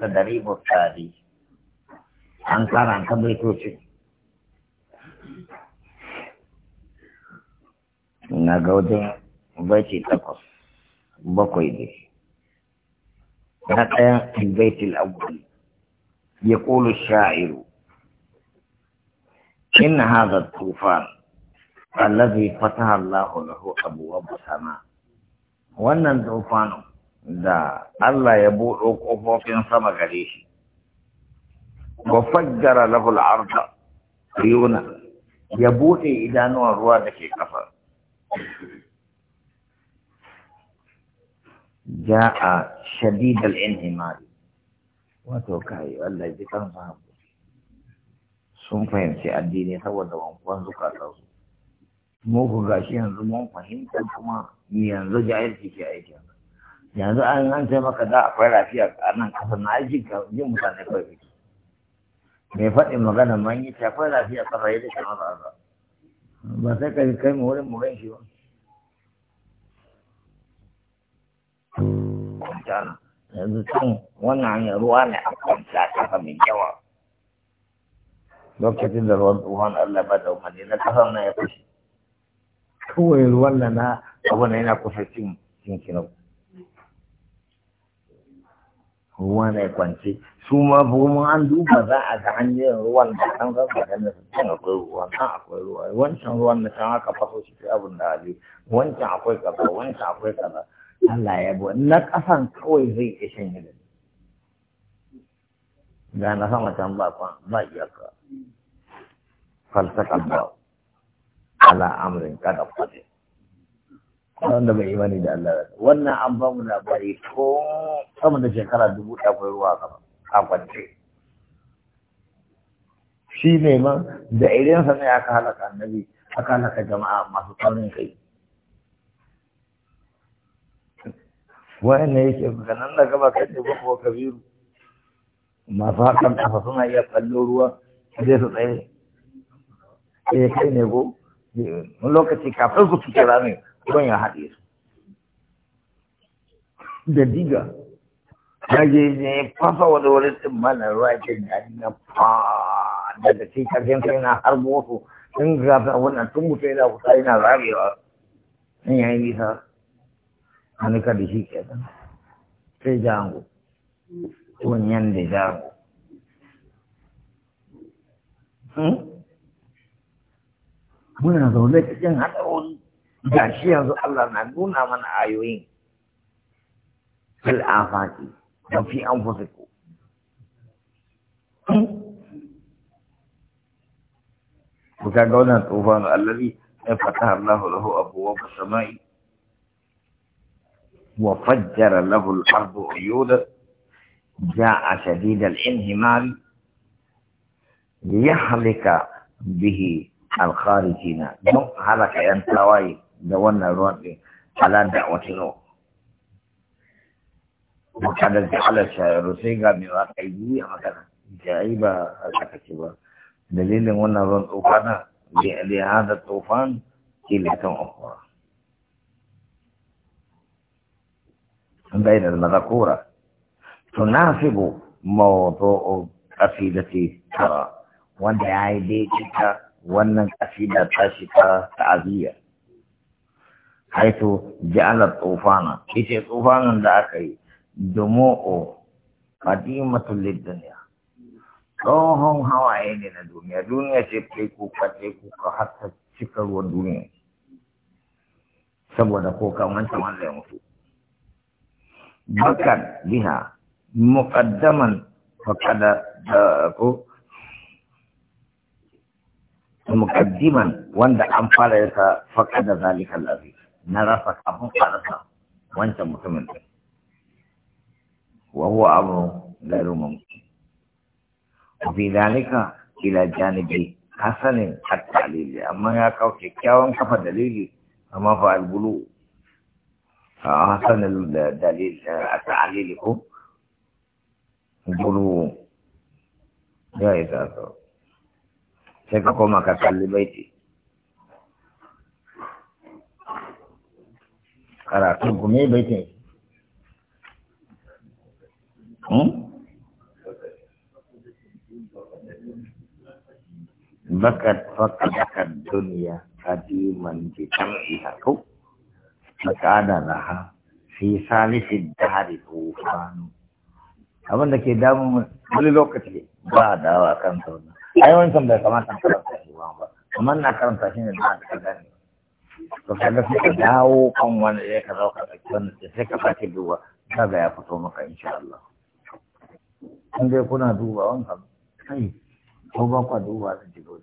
ta daribu tari an karanta baitocin na ga wajen baiti takwas bakwai ne na ɗaya baitil awwal ya ƙulu sha'iru إن هذا الطوفان الذي فتح الله له أبواب السماء وأن الطوفان da Allah ya buɗo ƙofofin sama gare shi Ba faggara lahul arda yuna ya buɗe idanuwan ruwa da ke kafa a shadidal inhimari wato kayi Allah ji kan sun fahimci addini saboda wankuwan zukatansu mu ku gashi yanzu mun fahimta kuma yanzu jahilci ke aikin yanzu an an ce maka da akwai lafiya a nan kasa na aiki ka jin mutane kawai kake mai faɗin magana man yi ta akwai lafiya kasa yadda ka maza aza ba sai ka kai mu wurin mu gan shi ba yanzu can wannan hanyar ruwa ne a kwanta kasa mai yawa lokacin da ruwan tsohon Allah ba da umarni na kasar na ya fushi. kawai ruwan na na abu na yana kusa cin cin kinau ruwa mai kwance su ma mun an duba za a ga hanyoyin ruwan da an san tsakanin su can akwai ruwa can akwai ruwa wancan ruwan da can aka faso shi sai abin da ali wancan akwai kaza wancan akwai kaza Allah ya bu na kasan kawai zai iya shan da na sama can ba kwan ba iyaka falsafa ba ala amrin kada kwaje wanda bai imani da Allah ba wannan an ba mu labari ko sama da shekara dubu ɗaya akwai ruwa kama a kwance shi ne ma da idan sa ne aka halaka annabi aka halaka jama'a masu tsarin kai wayanne yake maganan da gaba kai ne bako kabiru masu hakan kafa suna iya kallo ruwa zai su tsaye eh kai ne go eh, lokaci kafin su fitira ne ban ya haɗe su da diga ya je ne fafa wani wani tsimmanin ruwa ke gani na fa daga cikin karfin kai na har bosu tun gafa wannan tun mutu yana kusa yana zagewa in yayi nisa hannu ka da shi ke nan sai jango tun yan da jango hmm? muna zaune cikin wani ga shi yanzu Allah na nuna mana ayoyin fil afaki da fi an fusiku kuka ga wannan tufan allazi ya fataha Allah lahu abwaab as-samai wa fajjara lahu al-ardu uyuda jaa shadid al-inhimal liyahlika bihi al-kharijina don halaka yan tawaye da wannan ruwan ɗin ala da wata no makanar da ala shayaru sai ga mai wa kai yi a magana da yi ba a tsakaci ba dalilin wannan ruwan tsofana da ya hada tsofan na ukura بين المذكورة o موضوع قصيدتي ترى wanda ya yi daidaita wannan kasida ta shi ta ta'aziyya haitu ja'ala tsofana ita tsofanin da aka yi domo'o kadimatu lidduniya tsohon hawaye ne na duniya duniya ce kai kuka kai kuka har ta cika ruwan duniya saboda ko kamanta wanda ya mutu bakan biha muqaddaman faqada ko muqaddiman wanda an fara yasa faqada zalika al-aziz na rasa abin faransa wancan mutumin ɗin. Wahuwa abu gari mamuki. Bi zalika ila janibi hasanin hatta lili, amma ya kau kyakkyawan kafa dalili amma fa albulu a hasanin dalili a ta'alili ko bulu ya yi tasa. Sai ka koma ka kalli baiti. karatun ku me bai kai bakat fakadakan dunia kadiman bitar'iha ku makada laha fi salisid dahari tufanu abin da ke damu wani lokaci ba a dawa kan sauna ai wani san bai kamata karanta shi ba kamar na karanta shi ne da aka gane to kaga sai ka dawo kan wanda ya eh, ka zauka da wannan sai ka sake duba kaga ya fito maka insha Allah in dai kuna duba wanka kai ko ba kwa duba da jigo